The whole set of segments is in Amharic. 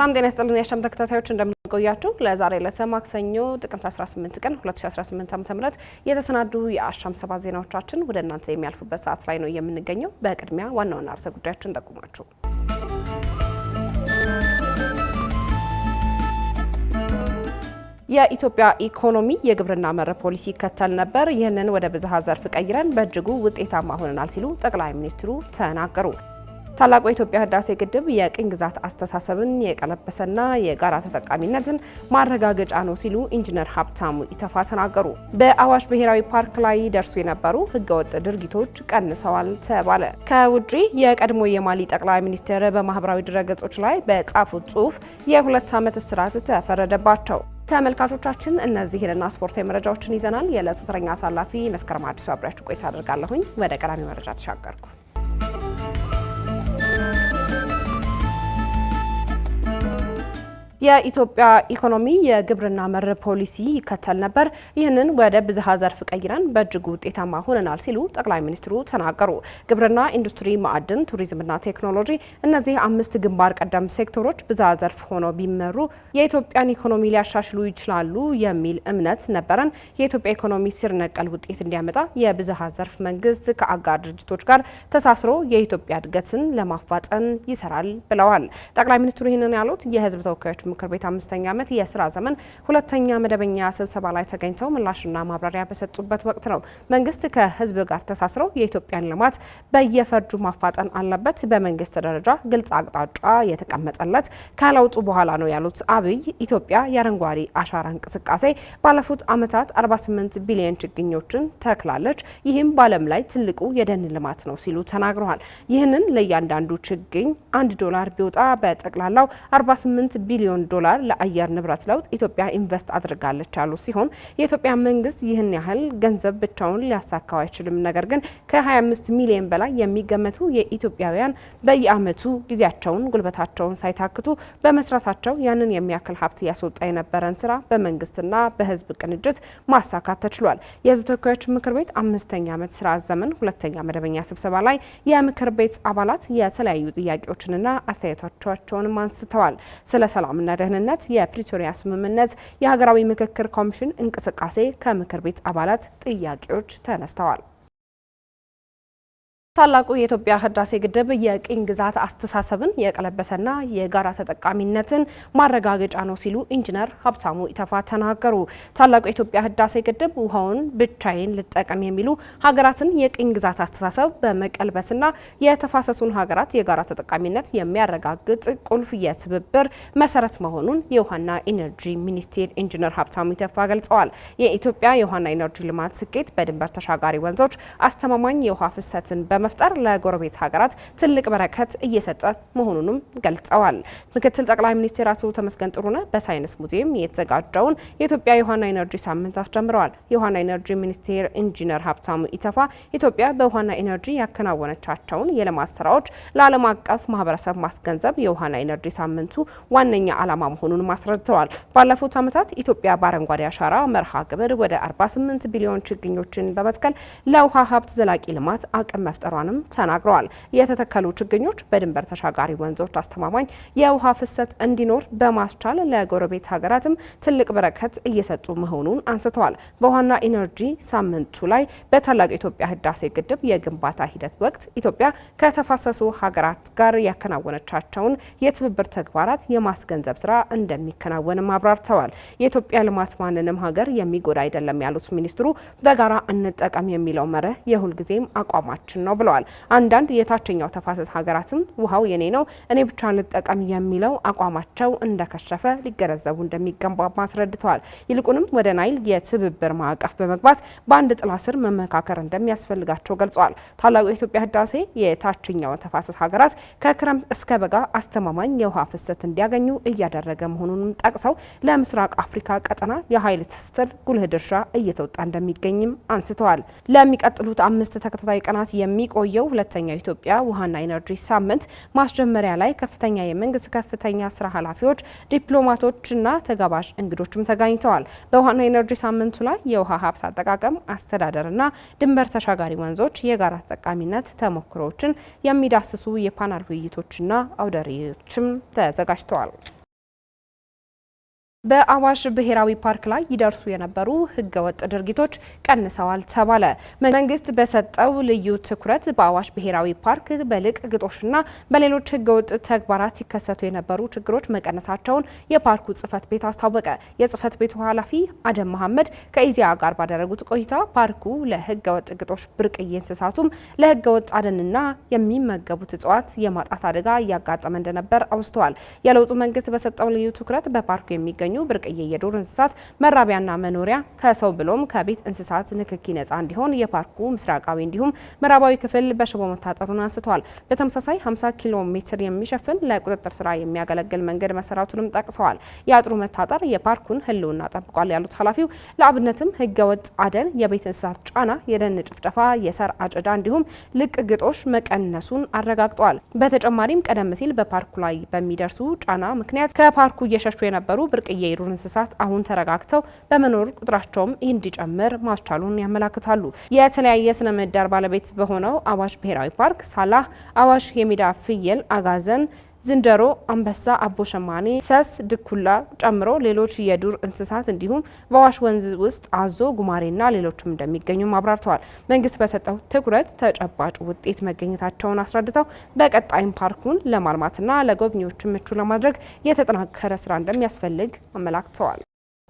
ሰላም ጤና ይስጥልን የአሻም ተከታታዮች እንደምንቆያችሁ። ለዛሬ ዕለተ ማክሰኞ ጥቅምት 18 ቀን 2018 ዓ.ም የተሰናዱ የአሻም ሰባት ዜናዎቻችን ወደ እናንተ የሚያልፉበት ሰዓት ላይ ነው የምንገኘው። በቅድሚያ ዋና ዋና ርዕሰ ጉዳዮችን ጠቁማችሁ የኢትዮጵያ ኢኮኖሚ የግብርና መር ፖሊሲ ይከተል ነበር። ይህንን ወደ ብዝሃ ዘርፍ ቀይረን በእጅጉ ውጤታማ ሆነናል ሲሉ ጠቅላይ ሚኒስትሩ ተናገሩ። ታላቁ የኢትዮጵያ ህዳሴ ግድብ የቅኝ ግዛት አስተሳሰብን የቀለበሰና የጋራ ተጠቃሚነትን ማረጋገጫ ነው ሲሉ ኢንጂነር ሀብታሙ ኢተፋ ተናገሩ። በአዋሽ ብሔራዊ ፓርክ ላይ ደርሱ የነበሩ ህገወጥ ድርጊቶች ቀንሰዋል ተባለ። ከውጪ የቀድሞ የማሊ ጠቅላይ ሚኒስትር በማህበራዊ ድረገጾች ላይ በጻፉት ጽሁፍ የሁለት ዓመት እስራት ተፈረደባቸው። ተመልካቾቻችን እነዚህንና ስፖርታዊ መረጃዎችን ይዘናል። የዕለቱ ተረኛ አሳላፊ መስከረም አዲሱ አብሪያችሁ ቆይታ አድርጋለሁኝ። ወደ ቀዳሚ መረጃ ተሻገርኩ። የኢትዮጵያ ኢኮኖሚ የግብርና መር ፖሊሲ ይከተል ነበር። ይህንን ወደ ብዝሃ ዘርፍ ቀይረን በእጅጉ ውጤታማ ሆነናል ሲሉ ጠቅላይ ሚኒስትሩ ተናገሩ። ግብርና፣ ኢንዱስትሪ፣ ማዕድን፣ ቱሪዝምና ቴክኖሎጂ እነዚህ አምስት ግንባር ቀደም ሴክተሮች ብዝሃ ዘርፍ ሆነው ቢመሩ የኢትዮጵያን ኢኮኖሚ ሊያሻሽሉ ይችላሉ የሚል እምነት ነበረን። የኢትዮጵያ ኢኮኖሚ ስር ነቀል ውጤት እንዲያመጣ የብዝሃ ዘርፍ መንግስት ከአጋር ድርጅቶች ጋር ተሳስሮ የኢትዮጵያ እድገትን ለማፋጠን ይሰራል ብለዋል። ጠቅላይ ሚኒስትሩ ይህንን ያሉት የህዝብ ተወካዮች ምክር ቤት አምስተኛ ዓመት የስራ ዘመን ሁለተኛ መደበኛ ስብሰባ ላይ ተገኝተው ምላሽና ማብራሪያ በሰጡበት ወቅት ነው መንግስት ከህዝብ ጋር ተሳስረው የኢትዮጵያን ልማት በየፈርጁ ማፋጠን አለበት፣ በመንግስት ደረጃ ግልጽ አቅጣጫ የተቀመጠለት ከለውጡ በኋላ ነው ያሉት አብይ ኢትዮጵያ የአረንጓዴ አሻራ እንቅስቃሴ ባለፉት ዓመታት 48 ቢሊዮን ችግኞችን ተክላለች፣ ይህም በዓለም ላይ ትልቁ የደን ልማት ነው ሲሉ ተናግረዋል። ይህንን ለእያንዳንዱ ችግኝ አንድ ዶላር ቢወጣ በጠቅላላው 48 ቢሊዮን ቢሊዮን ዶላር ለአየር ንብረት ለውጥ ኢትዮጵያ ኢንቨስት አድርጋለች ያሉ ሲሆን የኢትዮጵያ መንግስት ይህን ያህል ገንዘብ ብቻውን ሊያሳካው አይችልም። ነገር ግን ከ25 ሚሊዮን በላይ የሚገመቱ የኢትዮጵያውያን በየአመቱ ጊዜያቸውን፣ ጉልበታቸውን ሳይታክቱ በመስራታቸው ያንን የሚያክል ሀብት ያስወጣ የነበረን ስራ በመንግስትና በህዝብ ቅንጅት ማሳካት ተችሏል። የህዝብ ተወካዮች ምክር ቤት አምስተኛ ዓመት ስራ ዘመን ሁለተኛ መደበኛ ስብሰባ ላይ የምክር ቤት አባላት የተለያዩ ጥያቄዎችንና አስተያየቶቻቸውንም አንስተዋል። ስለ ሰላም ሰላምና ደህንነት የፕሪቶሪያ ስምምነት የሀገራዊ ምክክር ኮሚሽን እንቅስቃሴ ከምክር ቤት አባላት ጥያቄዎች ተነስተዋል። ታላቁ የኢትዮጵያ ህዳሴ ግድብ የቅኝ ግዛት አስተሳሰብን የቀለበሰና የጋራ ተጠቃሚነትን ማረጋገጫ ነው ሲሉ ኢንጂነር ሀብሳሙ ኢተፋ ተናገሩ። ታላቁ የኢትዮጵያ ህዳሴ ግድብ ውሃውን ብቻዬን ልጠቀም የሚሉ ሀገራትን የቅኝ ግዛት አስተሳሰብ በመቀልበስና የተፋሰሱን ሀገራት የጋራ ተጠቃሚነት የሚያረጋግጥ ቁልፍ የትብብር መሰረት መሆኑን የውሃና ኢነርጂ ሚኒስቴር ኢንጂነር ሀብሳሙ ኢተፋ ገልጸዋል። የኢትዮጵያ የውሃና ኢነርጂ ልማት ስኬት በድንበር ተሻጋሪ ወንዞች አስተማማኝ የውሃ ፍሰትን በመ በመፍጠር ለጎረቤት ሀገራት ትልቅ በረከት እየሰጠ መሆኑንም ገልጸዋል። ምክትል ጠቅላይ ሚኒስትር አቶ ተመስገን ጥሩነህ በሳይንስ ሙዚየም የተዘጋጀውን የኢትዮጵያ የውሃና ኢነርጂ ሳምንት አስጀምረዋል። የውሃና ኢነርጂ ሚኒስቴር ኢንጂነር ሀብታሙ ኢተፋ ኢትዮጵያ በውሃና ኢነርጂ ያከናወነቻቸውን የልማት ስራዎች ለዓለም አቀፍ ማህበረሰብ ማስገንዘብ የውሃና ኢነርጂ ሳምንቱ ዋነኛ ዓላማ መሆኑንም አስረድተዋል። ባለፉት ዓመታት ኢትዮጵያ በአረንጓዴ አሻራ መርሃ ግብር ወደ 48 ቢሊዮን ችግኞችን በመትከል ለውሃ ሀብት ዘላቂ ልማት አቅም መፍጠር መፈጠሯንም ተናግረዋል። የተተከሉ ችግኞች በድንበር ተሻጋሪ ወንዞች አስተማማኝ የውሃ ፍሰት እንዲኖር በማስቻል ለጎረቤት ሀገራትም ትልቅ በረከት እየሰጡ መሆኑን አንስተዋል። በውሃና ኢነርጂ ሳምንቱ ላይ በታላቁ የኢትዮጵያ ህዳሴ ግድብ የግንባታ ሂደት ወቅት ኢትዮጵያ ከተፋሰሱ ሀገራት ጋር ያከናወነቻቸውን የትብብር ተግባራት የማስገንዘብ ስራ እንደሚከናወንም አብራርተዋል። የኢትዮጵያ ልማት ማንንም ሀገር የሚጎዳ አይደለም ያሉት ሚኒስትሩ በጋራ እንጠቀም የሚለው መርህ የሁልጊዜም አቋማችን ነው ብለዋል። አንዳንድ የታችኛው ተፋሰስ ሀገራትም ውሃው የኔ ነው እኔ ብቻ ልጠቀም የሚለው አቋማቸው እንደከሸፈ ሊገነዘቡ እንደሚገባ አስረድተዋል። ይልቁንም ወደ ናይል የትብብር ማዕቀፍ በመግባት በአንድ ጥላ ስር መመካከር እንደሚያስፈልጋቸው ገልጸዋል። ታላቁ የኢትዮጵያ ህዳሴ የታችኛው ተፋሰስ ሀገራት ከክረምት እስከ በጋ አስተማማኝ የውሃ ፍሰት እንዲያገኙ እያደረገ መሆኑንም ጠቅሰው ለምስራቅ አፍሪካ ቀጠና የኃይል ትስስር ጉልህ ድርሻ እየተወጣ እንደሚገኝም አንስተዋል። ለሚቀጥሉት አምስት ተከታታይ ቀናት የሚ የሚቆየው ሁለተኛው ኢትዮጵያ ውሃና ኢነርጂ ሳምንት ማስጀመሪያ ላይ ከፍተኛ የመንግስት ከፍተኛ ስራ ኃላፊዎች፣ ዲፕሎማቶችና ተጋባዥ እንግዶችም ተገኝተዋል። በውሃና ኢነርጂ ሳምንቱ ላይ የውሃ ሀብት አጠቃቀም አስተዳደርና ድንበር ተሻጋሪ ወንዞች የጋራ ተጠቃሚነት ተሞክሮዎችን የሚዳስሱ የፓናል ውይይቶችና አውደ ርዕዮችም ተዘጋጅተዋል። በአዋሽ ብሔራዊ ፓርክ ላይ ይደርሱ የነበሩ ህገወጥ ድርጊቶች ቀንሰዋል ተባለ። መንግስት በሰጠው ልዩ ትኩረት በአዋሽ ብሔራዊ ፓርክ በልቅ ግጦሽና በሌሎች ህገወጥ ተግባራት ሲከሰቱ የነበሩ ችግሮች መቀነሳቸውን የፓርኩ ጽህፈት ቤት አስታወቀ። የጽህፈት ቤቱ ኃላፊ አደም መሐመድ ከኢዜአ ጋር ባደረጉት ቆይታ ፓርኩ ለህገወጥ ግጦሽ፣ ብርቅዬ እንስሳቱም ለህገወጥ አደንና የሚመገቡት እጽዋት የማጣት አደጋ እያጋጠመ እንደነበር አውስተዋል። የለውጡ መንግስት በሰጠው ልዩ ትኩረት በፓርኩ የሚገኙ የሚገኙ ብርቅዬ የዱር እንስሳት መራቢያና መኖሪያ ከሰው ብሎም ከቤት እንስሳት ንክኪ ነጻ እንዲሆን የፓርኩ ምስራቃዊ እንዲሁም ምዕራባዊ ክፍል በሽቦ መታጠሩን አንስተዋል። በተመሳሳይ 50 ኪሎ ሜትር የሚሸፍን ለቁጥጥር ስራ የሚያገለግል መንገድ መሰራቱንም ጠቅሰዋል። የአጥሩ መታጠር የፓርኩን ህልውና ጠብቋል ያሉት ኃላፊው ለአብነትም ህገወጥ አደን፣ የቤት እንስሳት ጫና፣ የደን ጭፍጨፋ፣ የሳር አጨዳ እንዲሁም ልቅ ግጦሽ መቀነሱን አረጋግጠዋል። በተጨማሪም ቀደም ሲል በፓርኩ ላይ በሚደርሱ ጫና ምክንያት ከፓርኩ እየሸሹ የነበሩ ብርቅዬ የዱር እንስሳት አሁን ተረጋግተው በመኖር ቁጥራቸውም እንዲጨምር ማስቻሉን ያመላክታሉ። የተለያየ ስነ ምህዳር ባለቤት በሆነው አዋሽ ብሔራዊ ፓርክ ሳላህ፣ አዋሽ፣ የሜዳ ፍየል፣ አጋዘን ዝንጀሮ፣ አንበሳ፣ አቦ ሸማኔ፣ ሰስ፣ ድኩላ ጨምሮ ሌሎች የዱር እንስሳት እንዲሁም በአዋሽ ወንዝ ውስጥ አዞ፣ ጉማሬና ሌሎችም እንደሚገኙ አብራርተዋል። መንግስት በሰጠው ትኩረት ተጨባጭ ውጤት መገኘታቸውን አስረድተው በቀጣይም ፓርኩን ለማልማትና ለጎብኚዎች ምቹ ለማድረግ የተጠናከረ ስራ እንደሚያስፈልግ አመላክተዋል።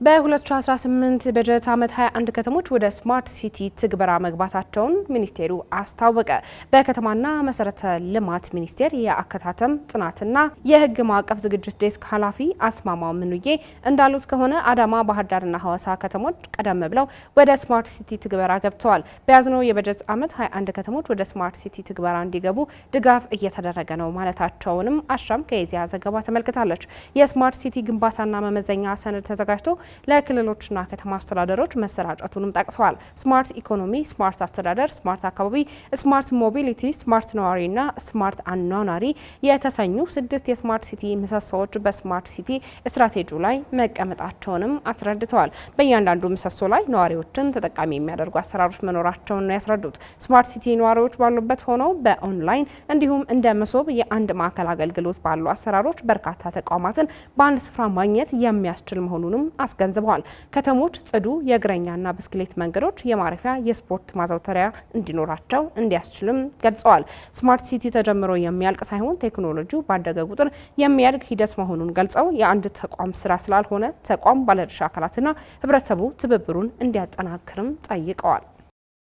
በ2018 በጀት ዓመት 21 ከተሞች ወደ ስማርት ሲቲ ትግበራ መግባታቸውን ሚኒስቴሩ አስታወቀ። በከተማና መሰረተ ልማት ሚኒስቴር የአከታተም ጥናትና የሕግ ማዕቀፍ ዝግጅት ዴስክ ኃላፊ አስማማው ምኑዬ እንዳሉት ከሆነ አዳማ፣ ባህር ዳርና ሐዋሳ ከተሞች ቀደም ብለው ወደ ስማርት ሲቲ ትግበራ ገብተዋል። በያዝነው የበጀት ዓመት 21 ከተሞች ወደ ስማርት ሲቲ ትግበራ እንዲገቡ ድጋፍ እየተደረገ ነው ማለታቸውንም አሻም ከየዚያ ዘገባ ተመልክታለች። የስማርት ሲቲ ግንባታና መመዘኛ ሰነድ ተዘጋጅቶ ለክልሎችና ከተማ አስተዳደሮች መሰራጨቱንም ጠቅሰዋል። ስማርት ኢኮኖሚ፣ ስማርት አስተዳደር፣ ስማርት አካባቢ፣ ስማርት ሞቢሊቲ፣ ስማርት ነዋሪና ስማርት አኗኗሪ የተሰኙ ስድስት የስማርት ሲቲ ምሰሶዎች በስማርት ሲቲ ስትራቴጂው ላይ መቀመጣቸውንም አስረድተዋል። በእያንዳንዱ ምሰሶ ላይ ነዋሪዎችን ተጠቃሚ የሚያደርጉ አሰራሮች መኖራቸውን ነው ያስረዱት። ስማርት ሲቲ ነዋሪዎች ባሉበት ሆነው በኦንላይን እንዲሁም እንደ መሶብ የአንድ ማዕከል አገልግሎት ባሉ አሰራሮች በርካታ ተቋማትን በአንድ ስፍራ ማግኘት የሚያስችል መሆኑንም አስ አስገንዝበዋል። ከተሞች ጽዱ የእግረኛና ብስክሌት መንገዶች፣ የማረፊያ የስፖርት ማዘውተሪያ እንዲኖራቸው እንዲያስችልም ገልጸዋል። ስማርት ሲቲ ተጀምሮ የሚያልቅ ሳይሆን ቴክኖሎጂው ባደገ ቁጥር የሚያድግ ሂደት መሆኑን ገልጸው የአንድ ተቋም ስራ ስላልሆነ ተቋም ባለድርሻ አካላትና ህብረተሰቡ ትብብሩን እንዲያጠናክርም ጠይቀዋል።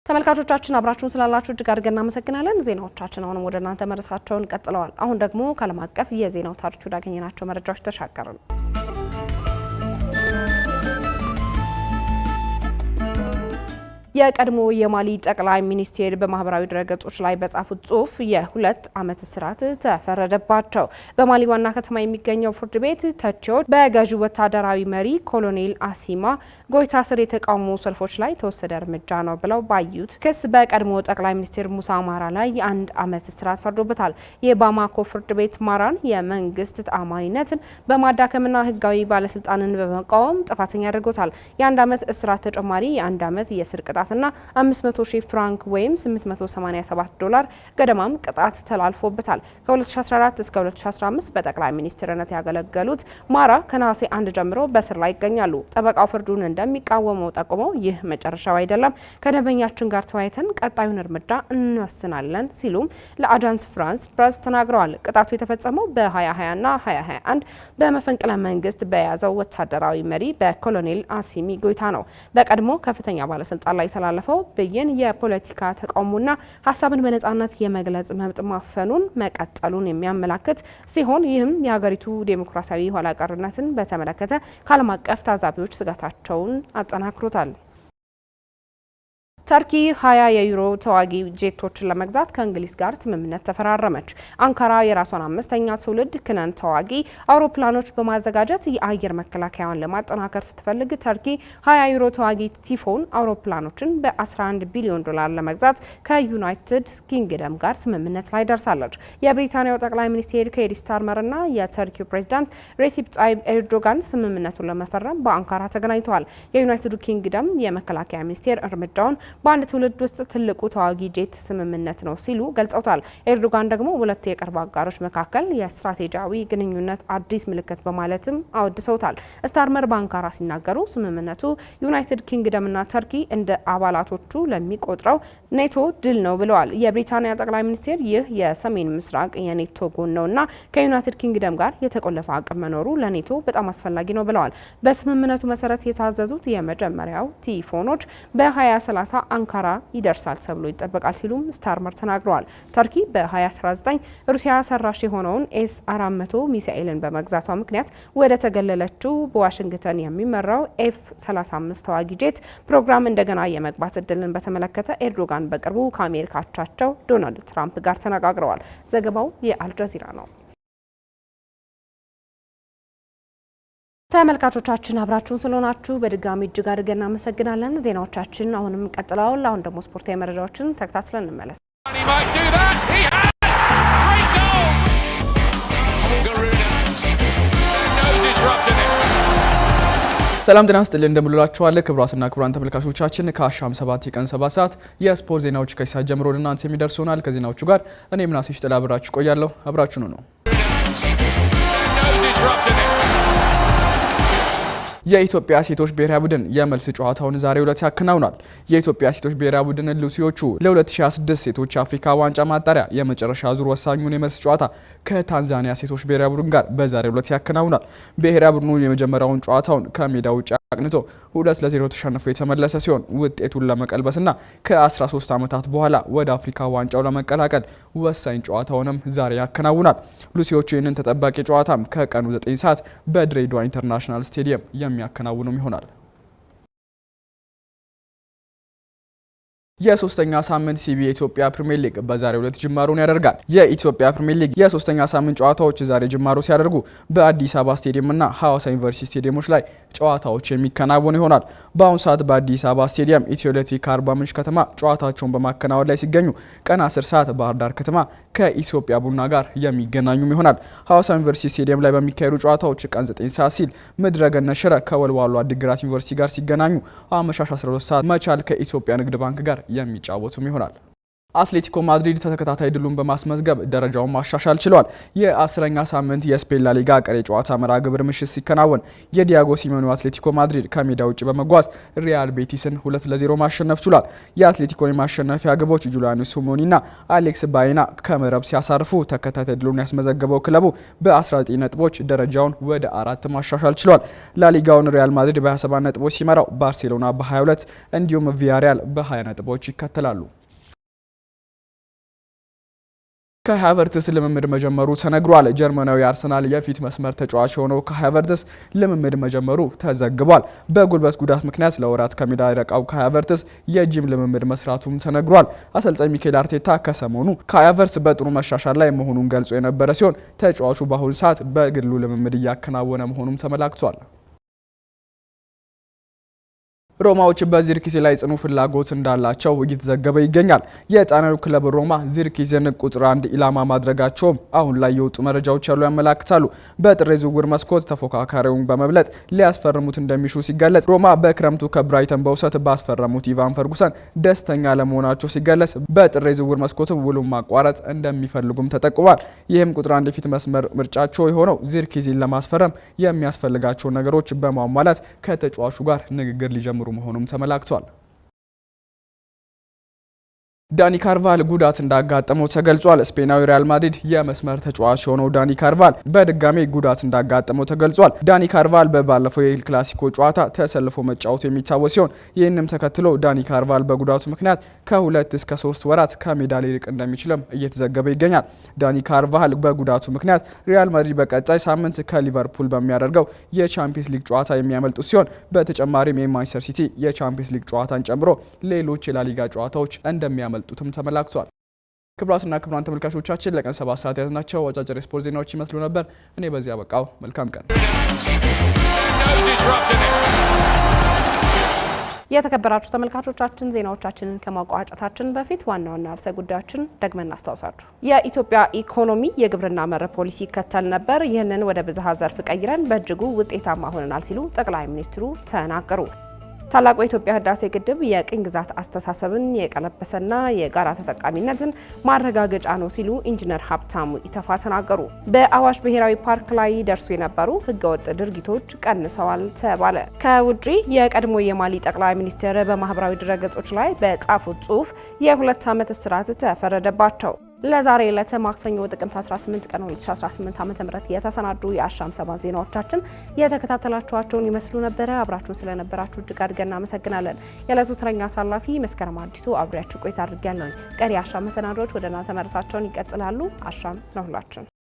ተመልካቾቻችን አብራችሁን ስላላችሁ እጅግ አድርገን እናመሰግናለን። ዜናዎቻችን አሁንም ወደ እናንተ መድረሳቸውን ቀጥለዋል። አሁን ደግሞ ከዓለም አቀፍ የዜና አውታሮች ወዳገኘናቸው መረጃዎች ተሻገርን። የቀድሞ የማሊ ጠቅላይ ሚኒስቴር በማህበራዊ ድረገጾች ላይ በጻፉት ጽሁፍ የሁለት ዓመት እስራት ተፈረደባቸው። በማሊ ዋና ከተማ የሚገኘው ፍርድ ቤት ተቺዎች በገዢው ወታደራዊ መሪ ኮሎኔል አሲማ ጎይታ ስር የተቃውሞ ሰልፎች ላይ የተወሰደ እርምጃ ነው ብለው ባዩት ክስ በቀድሞ ጠቅላይ ሚኒስቴር ሙሳ ማራ ላይ የአንድ ዓመት እስራት ፈርዶበታል። የባማኮ ፍርድ ቤት ማራን የመንግስት ተአማኒነትን በማዳከምና ህጋዊ ባለስልጣንን በመቃወም ጥፋተኛ አድርጎታል። የአንድ ዓመት እስራት ተጨማሪ የአንድ ዓመት የስር ቅጣት ቅጣትና 500 ሺ ፍራንክ ወይም 887 ዶላር ገደማም ቅጣት ተላልፎበታል። ከ2014 እስከ 2015 በጠቅላይ ሚኒስትርነት ያገለገሉት ማራ ከነሐሴ አንድ ጀምሮ በስር ላይ ይገኛሉ። ጠበቃው ፍርዱን እንደሚቃወመው ጠቁመው ይህ መጨረሻው አይደለም፣ ከደንበኛችን ጋር ተወያይተን ቀጣዩን እርምጃ እንወስናለን ሲሉም ለአጃንስ ፍራንስ ፕረስ ተናግረዋል። ቅጣቱ የተፈጸመው በ 2020 እና 2021 በመፈንቅለ መንግስት በያዘው ወታደራዊ መሪ በኮሎኔል አሲሚ ጎይታ ነው። በቀድሞ ከፍተኛ ባለስልጣን ላይ ያስተላለፈው ብይን የፖለቲካ ተቃውሞና ሀሳብን በነጻነት የመግለጽ መብት ማፈኑን መቀጠሉን የሚያመላክት ሲሆን ይህም የሀገሪቱ ዴሞክራሲያዊ ኋላቀርነትን በተመለከተ ከዓለም አቀፍ ታዛቢዎች ስጋታቸውን አጠናክሮታል። ተርኪ 20 የዩሮ ተዋጊ ጄቶችን ለመግዛት ከእንግሊዝ ጋር ስምምነት ተፈራረመች። አንካራ የራሷን አምስተኛ ትውልድ ክነን ተዋጊ አውሮፕላኖች በማዘጋጀት የአየር መከላከያዋን ለማጠናከር ስትፈልግ ተርኪ 20 ዩሮ ተዋጊ ቲፎን አውሮፕላኖችን በ11 ቢሊዮን ዶላር ለመግዛት ከዩናይትድ ኪንግደም ጋር ስምምነት ላይ ደርሳለች። የብሪታንያው ጠቅላይ ሚኒስትር ኬር ስታርመርና የተርኪው ፕሬዚዳንት ሬሲፕ ጣይብ ኤርዶጋን ስምምነቱን ለመፈረም በአንካራ ተገናኝተዋል። የዩናይትድ ኪንግደም የመከላከያ ሚኒስቴር እርምጃውን በአንድ ትውልድ ውስጥ ትልቁ ተዋጊ ጄት ስምምነት ነው ሲሉ ገልጸውታል። ኤርዶጋን ደግሞ ሁለት የቅርብ አጋሮች መካከል የስትራቴጂያዊ ግንኙነት አዲስ ምልክት በማለትም አወድሰውታል። ስታርመር በአንካራ ሲናገሩ ስምምነቱ ዩናይትድ ኪንግደምና ተርኪ እንደ አባላቶቹ ለሚቆጥረው ኔቶ ድል ነው ብለዋል። የብሪታንያ ጠቅላይ ሚኒስቴር ይህ የሰሜን ምስራቅ የኔቶ ጎን ነውና ከዩናይትድ ኪንግደም ጋር የተቆለፈ አቅም መኖሩ ለኔቶ በጣም አስፈላጊ ነው ብለዋል። በስምምነቱ መሰረት የታዘዙት የመጀመሪያው ቲፎኖች በ2030 አንካራ ይደርሳል ተብሎ ይጠበቃል ሲሉም ስታርመር ተናግረዋል። ተርኪ በ2019 ሩሲያ ሰራሽ የሆነውን ኤስ 400 ሚሳኤልን በመግዛቷ ምክንያት ወደ ተገለለችው በዋሽንግተን የሚመራው ኤፍ 35 ተዋጊ ጄት ፕሮግራም እንደገና የመግባት እድልን በተመለከተ ኤርዶጋን በቅርቡ ከአሜሪካቻቸው ዶናልድ ትራምፕ ጋር ተነጋግረዋል። ዘገባው የአልጀዚራ ነው። ተመልካቾቻችን አብራችሁን ስለሆናችሁ በድጋሚ እጅግ አድርገን እናመሰግናለን። ዜናዎቻችን አሁንም ቀጥለዋል። አሁን ደግሞ ስፖርታዊ መረጃዎችን ተከታትለን እንመለስ። ሰላም ጤና ስጥልን እንደምንላችኋለን። ክቡራትና ክቡራን ተመልካቾቻችን ከአሻም 7 የቀን 7 ሰዓት የስፖርት ዜናዎች ከሳት ጀምሮ ወደ እናንተ የሚደርሱ ይሆናል። ከዜናዎቹ ጋር እኔ ምናሴሽ ጥላ አብራችሁ ቆያለሁ። አብራችሁ ነው ነው የኢትዮጵያ ሴቶች ብሔራዊ ቡድን የመልስ ጨዋታውን ዛሬ ሁለት ያከናውናል። የኢትዮጵያ ሴቶች ብሔራዊ ቡድን ሉሲዎቹ ለ2026 ሴቶች አፍሪካ ዋንጫ ማጣሪያ የመጨረሻ ዙር ወሳኙን የመልስ ጨዋታ ከታንዛኒያ ሴቶች ብሔራዊ ቡድን ጋር በዛሬ ሁለት ያከናውናል። ብሔራዊ ቡድኑ የመጀመሪያውን ጨዋታውን ከሜዳ ውጭ አቅንቶ ሁለት ለዜሮ ተሸንፎ የተመለሰ ሲሆን ውጤቱን ለመቀልበስና ከ13 ዓመታት በኋላ ወደ አፍሪካ ዋንጫው ለመቀላቀል ወሳኝ ጨዋታውንም ዛሬ ያከናውናል። ሉሲዎቹ ይህንን ተጠባቂ ጨዋታም ከቀኑ 9 ሰዓት በድሬዳዋ ኢንተርናሽናል ስቴዲየም የሚያከናውኑም ይሆናል። የሶስተኛ ሳምንት ሲቢ የኢትዮጵያ ፕሪሚየር ሊግ በዛሬው ዕለት ጅማሮን ያደርጋል። የኢትዮጵያ ፕሪሚየር ሊግ የሶስተኛ ሳምንት ጨዋታዎች ዛሬ ጅማሮ ሲያደርጉ በአዲስ አበባ ስቴዲየም እና ሐዋሳ ዩኒቨርሲቲ ስቴዲየሞች ላይ ጨዋታዎች የሚከናወኑ ይሆናል። በአሁኑ ሰዓት በአዲስ አበባ ስቴዲየም ኢትዮ ኤሌክትሪክ ከአርባ ምንጭ ከተማ ጨዋታቸውን በማከናወን ላይ ሲገኙ፣ ቀን 10 ሰዓት ባህር ዳር ከተማ ከኢትዮጵያ ቡና ጋር የሚገናኙም ይሆናል። ሐዋሳ ዩኒቨርሲቲ ስቴዲየም ላይ በሚካሄዱ ጨዋታዎች ቀን 9 ሰዓት ሲል ምድረገነት ሽረ ከወልዋሎ አዲግራት ዩኒቨርሲቲ ጋር ሲገናኙ፣ አመሻሽ 12 ሰዓት መቻል ከኢትዮጵያ ንግድ ባንክ ጋር የሚጫወቱም ይሆናል። አትሌቲኮ ማድሪድ ተተከታታይ ድሉን በማስመዝገብ ደረጃውን ማሻሻል ችሏል። የአስረኛ ሳምንት የስፔን ላሊጋ ቀሪ ጨዋታ መራ ግብር ምሽት ሲከናወን የዲያጎ ሲሜኑ አትሌቲኮ ማድሪድ ከሜዳ ውጭ በመጓዝ ሪያል ቤቲስን ሁለት ለዜሮ ማሸነፍ ችሏል። የአትሌቲኮን የማሸነፊያ ግቦች ጁሊያኒ ሲሞኒና አሌክስ ባይና ከመረብ ሲያሳርፉ ተከታታይ ድሉን ያስመዘገበው ክለቡ በ19 ነጥቦች ደረጃውን ወደ አራት ማሻሻል ችሏል። ላሊጋውን ሪያል ማድሪድ በ27 ነጥቦች ሲመራው ባርሴሎና በ22 እንዲሁም ቪያሪያል በ20 ነጥቦች ይከተላሉ። ከሃቨርትስ ልምምድ መጀመሩ ተነግሯል። ጀርመናዊ አርሰናል የፊት መስመር ተጫዋች የሆነው ከሃቨርትስ ልምምድ መጀመሩ ተዘግቧል። በጉልበት ጉዳት ምክንያት ለወራት ከሜዳ የረቃው ከሃቨርትስ የጂም ልምምድ መስራቱም ተነግሯል። አሰልጣኝ ሚኬል አርቴታ ከሰሞኑ ከሃቨርትስ በጥሩ መሻሻል ላይ መሆኑን ገልጾ የነበረ ሲሆን ተጫዋቹ በአሁኑ ሰዓት በግሉ ልምምድ እያከናወነ መሆኑም ተመላክቷል። ሮማዎች በዚርኪዜ ላይ ጽኑ ፍላጎት እንዳላቸው እየተዘገበ ይገኛል። የጣሊያኑ ክለብ ሮማ ዚርኪዜን ቁጥር አንድ ኢላማ ማድረጋቸውም አሁን ላይ የወጡ መረጃዎች ያሉ ያመላክታሉ። በጥር ዝውውር መስኮት ተፎካካሪውን በመብለጥ ሊያስፈርሙት እንደሚሹ ሲገለጽ፣ ሮማ በክረምቱ ከብራይተን በውሰት ባስፈረሙት ኢቫን ፈርጉሰን ደስተኛ ለመሆናቸው ሲገለጽ፣ በጥር ዝውውር መስኮትም ውሉን ማቋረጥ እንደሚፈልጉም ተጠቁሟል። ይህም ቁጥር አንድ የፊት መስመር ምርጫቸው የሆነው ዚርኪዜን ለማስፈረም የሚያስፈልጋቸው ነገሮች በማሟላት ከተጫዋቹ ጋር ንግግር ሊጀምሩ እየጨመሩ መሆኑም ተመላክቷል። ዳኒ ካርቫል ጉዳት እንዳጋጠመው ተገልጿል። ስፔናዊ ሪያል ማድሪድ የመስመር ተጫዋች የሆነው ዳኒ ካርቫል በድጋሜ ጉዳት እንዳጋጠመው ተገልጿል። ዳኒ ካርቫል በባለፈው የኤል ክላሲኮ ጨዋታ ተሰልፎ መጫወቱ የሚታወስ ሲሆን ይህንም ተከትሎ ዳኒ ካርቫል በጉዳቱ ምክንያት ከሁለት እስከ ሶስት ወራት ከሜዳ ሊርቅ እንደሚችልም እየተዘገበ ይገኛል። ዳኒ ካርቫል በጉዳቱ ምክንያት ሪያል ማድሪድ በቀጣይ ሳምንት ከሊቨርፑል በሚያደርገው የቻምፒየንስ ሊግ ጨዋታ የሚያመልጡ ሲሆን በተጨማሪም የማንቸስተር ሲቲ የቻምፒየንስ ሊግ ጨዋታን ጨምሮ ሌሎች የላሊጋ ጨዋታዎች እንደሚያመ እንደሚያመልጡትም ተመላክቷል። ክብራትና ክብራን ተመልካቾቻችን ለቀን ሰባት ሰዓት ያዝናቸው አጫጭር የስፖርት ዜናዎች ይመስሉ ነበር። እኔ በዚህ አበቃው። መልካም ቀን። የተከበራችሁ ተመልካቾቻችን ዜናዎቻችንን ከማቋጫታችን በፊት ዋና ዋና ርዕሰ ጉዳዮችን ደግመን እናስታውሳችሁ። የኢትዮጵያ ኢኮኖሚ የግብርና መር ፖሊሲ ይከተል ነበር። ይህንን ወደ ብዝሃ ዘርፍ ቀይረን በእጅጉ ውጤታማ ሆነናል ሲሉ ጠቅላይ ሚኒስትሩ ተናገሩ። ታላቁ የኢትዮጵያ ህዳሴ ግድብ የቅኝ ግዛት አስተሳሰብን የቀለበሰና የጋራ ተጠቃሚነትን ማረጋገጫ ነው ሲሉ ኢንጂነር ሀብታሙ ኢተፋ ተናገሩ። በአዋሽ ብሔራዊ ፓርክ ላይ ደርሱ የነበሩ ህገወጥ ድርጊቶች ቀንሰዋል ተባለ። ከውጪ የቀድሞ የማሊ ጠቅላይ ሚኒስትር በማህበራዊ ድረገጾች ላይ በጻፉት ጽሁፍ የሁለት ዓመት እስራት ተፈረደባቸው። ለዛሬ ዕለተ ማክሰኞ ጥቅምት 18 ቀን 2018 ዓ.ም የተሰናዱ የአሻም ሰባት ዜናዎቻችን የተከታተላችኋቸውን ይመስሉ ነበረ። አብራችሁን ስለነበራችሁ እጅግ አድርገን እናመሰግናለን። የዕለቱ ተረኛ አሳላፊ መስከረም አዲሱ አብሬያችሁ ቆይታ አድርጌያለሁ። ቀሪ የአሻም መሰናዶዎች ወደ እናንተ መድረሳቸውን ይቀጥላሉ። አሻም ነው ሁላችን።